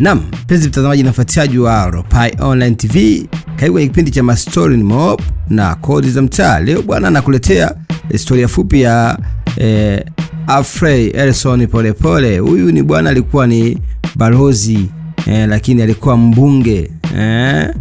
Naam, mpenzi mtazamaji na mfuatiliaji wa Ropai Online TV, karibu kwenye kipindi cha mastori ni mob na kodi za mtaa. Leo bwana, nakuletea historia fupi ya eh, Afrey Elson Polepole. Huyu ni bwana alikuwa ni balozi eh, lakini alikuwa mbunge eh,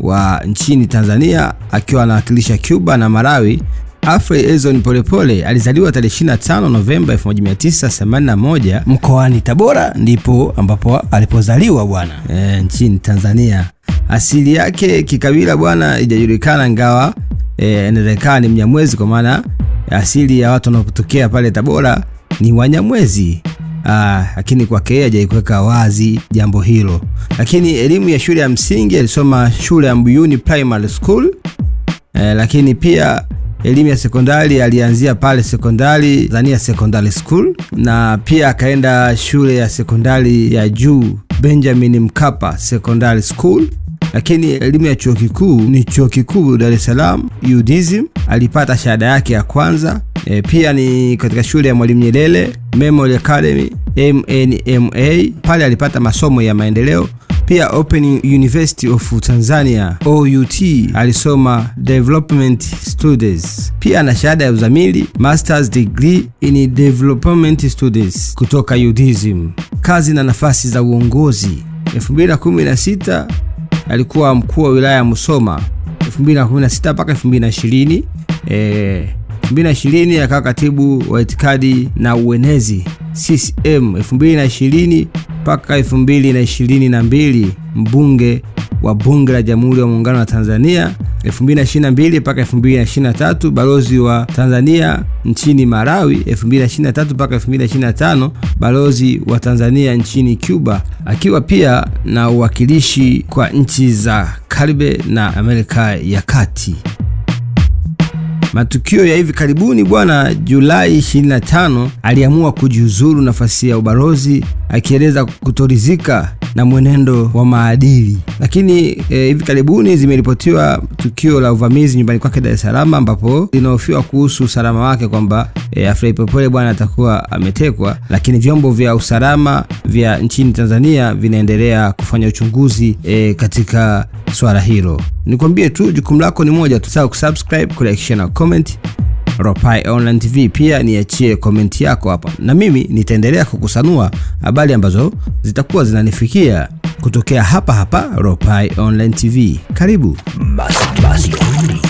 wa nchini Tanzania akiwa anawakilisha Cuba na Malawi Afrey Ezon Polepole alizaliwa tarehe 25 Novemba 1981 mkoani Tabora, ndipo ambapo alipozaliwa bwana e, nchini Tanzania. Asili yake kikabila bwana ijajulikana, ngawa inawezekana e, ni Mnyamwezi, kwa maana asili ya watu wanaotokea pale Tabora ni Wanyamwezi. Aa, lakini kwake yeye hajaikuweka wazi jambo hilo. Lakini elimu ya shule ya msingi alisoma shule ya Mbuyuni Primary School eh, lakini pia elimu ya sekondari alianzia pale sekondari Zania Secondary School na pia akaenda shule ya sekondari ya juu Benjamin Mkapa Secondary School lakini elimu ya chuo kikuu ni chuo kikuu Dar es Salaam UDSM. Alipata shahada yake ya kwanza e, pia ni katika shule ya Mwalimu Nyerere Memorial Academy MNMA. Pale alipata masomo ya maendeleo pia Open University of Tanzania OUT alisoma development studies. Pia ana shahada ya uzamili masters degree in development studies kutoka UDSM. Kazi na nafasi za uongozi 2016 alikuwa mkuu wa wilaya ya Musoma 2016 mpaka 2020. Eh, 2020 akawa katibu wa itikadi na uenezi CCM. 2020 mpaka 2022 mbunge wa bunge la Jamhuri ya Muungano wa Tanzania, 2022 mpaka 2023 balozi wa Tanzania nchini Malawi, 2023 mpaka 2025 balozi wa Tanzania nchini Cuba, akiwa pia na uwakilishi kwa nchi za Karibe na Amerika ya Kati. Matukio ya hivi karibuni bwana, Julai 25 aliamua kujiuzuru nafasi ya ubalozi akieleza kutoridhika na mwenendo wa maadili. Lakini e, hivi karibuni zimeripotiwa tukio la uvamizi nyumbani kwake Dar es Salaam, ambapo linahofiwa kuhusu usalama wake kwamba e, eh, Afrey Polepole bwana atakuwa ametekwa, lakini vyombo vya usalama vya nchini Tanzania vinaendelea kufanya uchunguzi e, katika swala hilo. Nikwambie tu jukumu lako ni moja tu, sawa, kusubscribe, kulike, share na comment. Ropai Online TV. Pia niachie komenti yako hapa, na mimi nitaendelea kukusanua habari ambazo zitakuwa zinanifikia kutokea hapa hapa Ropai Online TV. Karibu basi, basi.